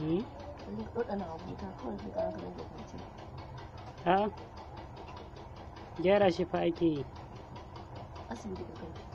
Eh? gyara shi fa ake yi asibiti ka